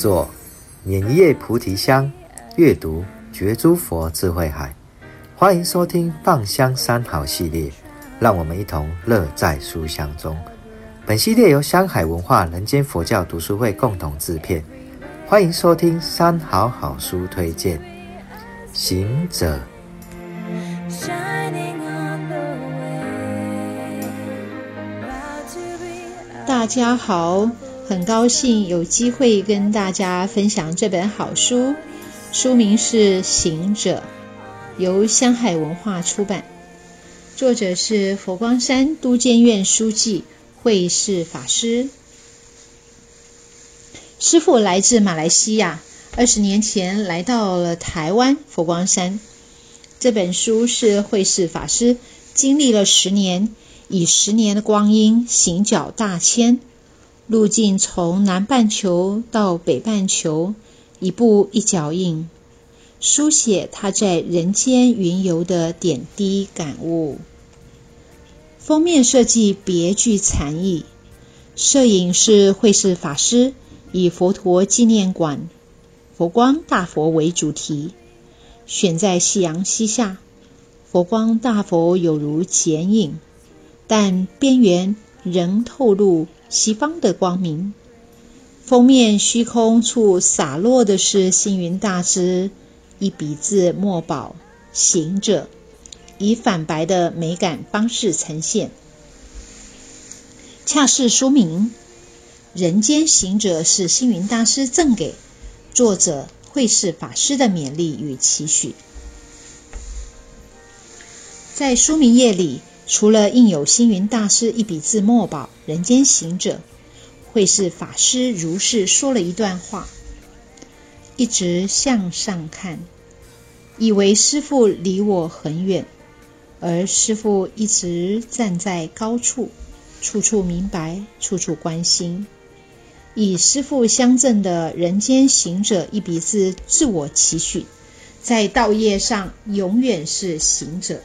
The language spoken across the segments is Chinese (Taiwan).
作碾葉菩提香，閱讀覺諸佛智慧海。歡迎收聽放香三好系列，讓我們一同樂在書香中。本系列由香海文化人間佛教讀書會共同制片。歡迎收聽三好好，好書推薦，《行者》。大家好。很高興有機會跟大家分享這本好書，書名是《行者》，由香海文化出版，作者是佛光山都監院書記慧是法師。師父來自馬來西亞，二十年前來到了台灣佛光山。這本書是慧是法師經歷了十年，以十年的光陰行腳大千。路徑從南半球到北半球，一步一腳印，書寫他在人間雲遊的點滴感悟。封面設計別具禪意，攝影是慧是法師，以佛陀紀念館佛光大佛為主題，選在夕陽西下，佛光大佛有如剪影，但邊緣仍透露。西方的光明，封面虛空處灑落的是星雲大師一筆字墨寶“行者”，以反白的美感方式呈現，恰似書名“人間行者”是星雲大師贈給作者慧是法師的勉勵與期許。在書名頁裡。除了印有星雲大師一筆字墨寶《人間行者》，慧是法師如是說了一段話，一直向上看，以為師父離我很遠，而師父一直站在高處，處處明白，處處關心，以師父相贈的《人間行者》一筆字自我期許，在道業上永遠是行者。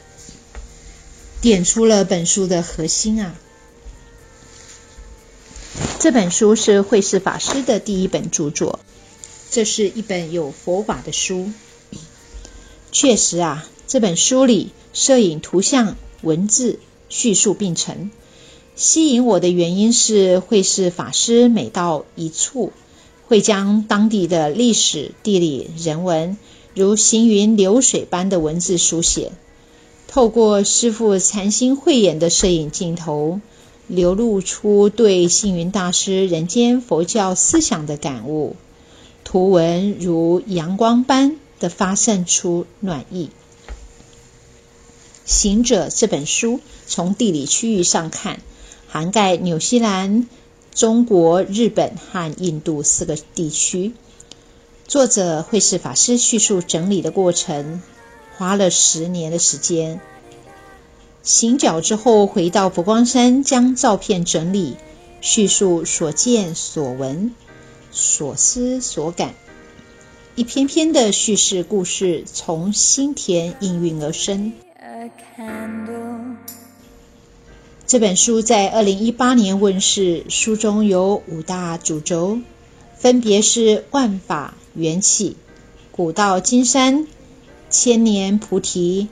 點出了本書的核心啊。這本書是慧是法師的第一本著作，這是一本有佛法的書。確實啊，這本書裡攝影、圖像、文字敘述并成，吸引我的原因是，慧是法師每到一處，會將當地的歷史、地理、人文，如行雲流水般的文字書寫。透過師父禪心慧眼的攝影鏡頭，流露出對星雲大師人間佛教思想的感悟。圖文如陽光般的發散出暖意。《行者》這本書從地理區域上看，涵蓋紐西蘭、中國、日本和印度四個地區。作者慧是法師敘述整理的過程。花了十年的時間，行腳之後回到佛光山，將照片整理，敘述所見所聞、所思所感，一篇篇的敘事故事從心田應運而生。candle 這本書在二零一八年問世，書中有五大主軸，分別是萬法緣起、古道金山。千年菩提、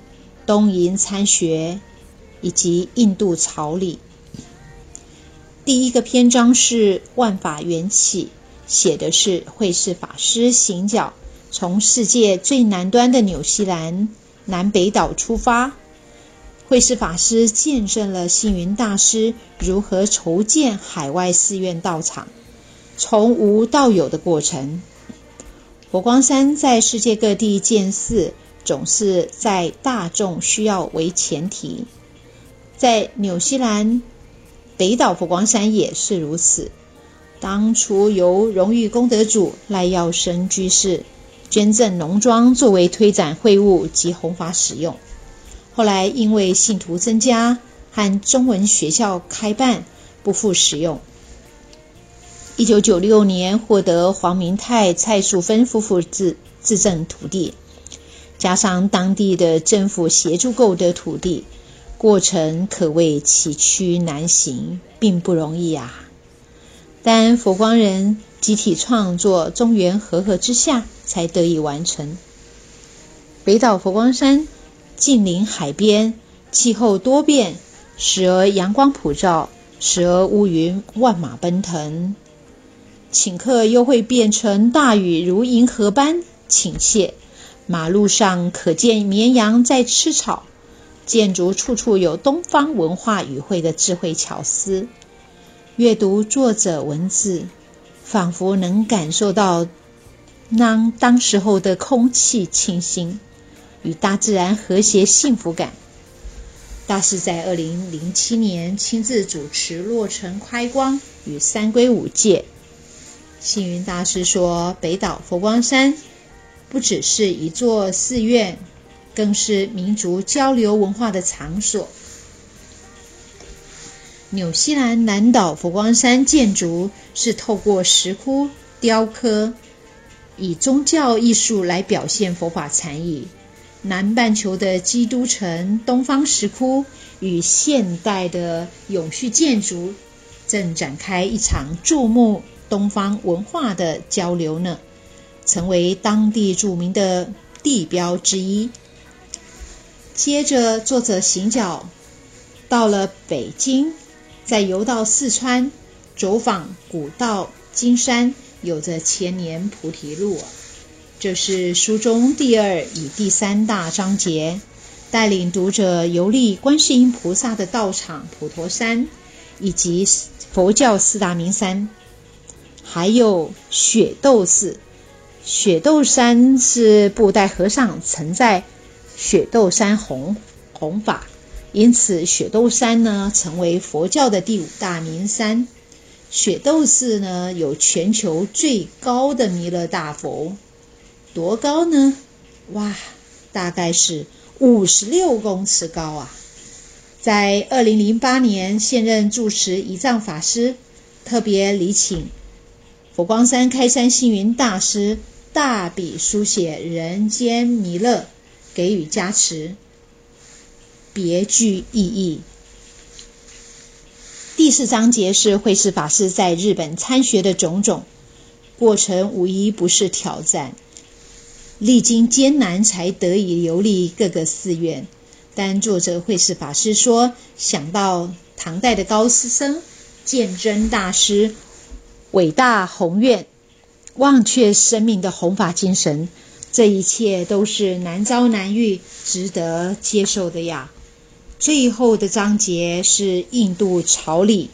東瀛參學以及印度朝禮。第一個篇章是《萬法緣起》，寫的是慧是法師行腳從世界最南端的紐西蘭南北島出發。慧是法師見證了星雲大師如何籌建海外寺院道場，從無到有的過程。佛光山在世界各地建寺。總是在大眾需要為前提，在紐西蘭北島佛光山也是如此。當初由榮譽功德主賴耀生居士捐贈農莊作為推展會務及弘法使用，後來因為信徒增加和中文學校開辦，不復使用。一九九六年獲得黃明泰、蔡素芬夫婦自自贈土地，加上當地的政府協助購得土地，過程可謂崎嶇難行，並不容易啊。但佛光人集體創作《中原和合之下》才得以完成。北島佛光山近臨海邊，氣候多變，時而陽光普照，時而烏雲萬馬奔騰，頃刻又會變成大雨如銀河般傾瀉。請謝馬路上可見綿羊在吃草，建築處處有東方文化語彙的智慧巧思。閱讀作者文字，仿佛能感受到當當時候的空氣清新，與大自然和諧幸福感。大師在二零零七年親自主持落成開光與三皈五戒。星雲大師說：“北島佛光山。”不只是一座寺院，更是民族交流文化的場所。紐西蘭南島佛光山建築是透過石窟雕刻，以宗教藝術來表現佛法禪意。南半球的基督城東方石窟與現代的永續建築，正展開一場注目東方文化的交流呢。成為當地著名的地標之一。接着，作者行腳到了北京，再遊到四川，走訪古道金山，有着千年菩提路。這是書中第二與第三大章節，帶領讀者遊歷觀世音菩薩的道場普陀山，以及佛教四大名山，還有雪竇寺。雪竇山是布袋和尚曾在雪竇山弘弘法，因此雪竇山呢，成為佛教的第五大名山。雪竇寺呢，有全球最高的彌勒大佛，多高呢？哇，大概是五十六公尺高啊！在二零零八年，現任住持怡藏法師特別禮請佛光山開山星雲大師。大筆書寫人間彌勒，給予加持，別具意義。第四章節是慧是法師在日本參學的種種過程，無一不是挑戰，歷經艱難才得以遊歷各個寺院。但作者慧是法師說，想到唐代的高僧鑑真大師，偉大宏願。忘卻生命的弘法精神，這一切都是難遭難遇，值得接受的呀。最後的章節是印度朝禮，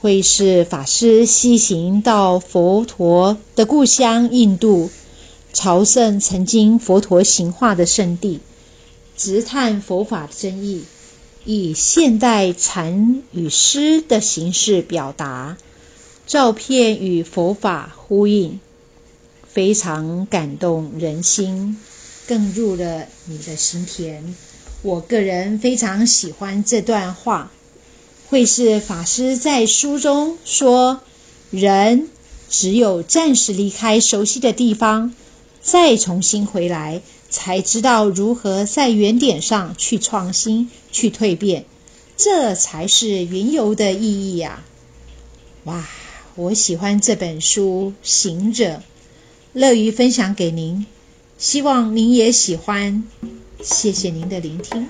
慧是法師西行到佛陀的故鄉印度，朝聖曾經佛陀行化的聖地，直探佛法的真意，以現代禪與詩的形式表達。照片與佛法呼應，非常感動人心，更入了你的心田。我個人非常喜歡這段話。慧是法師在書中說：“人只有暫時離開熟悉的地方，再重新回來，才知道如何在原點上去創新、去蛻變。這才是雲遊的意義啊！”哇。我喜歡這本書《行者》，樂於分享給您，希望您也喜歡。謝謝您的聆聽。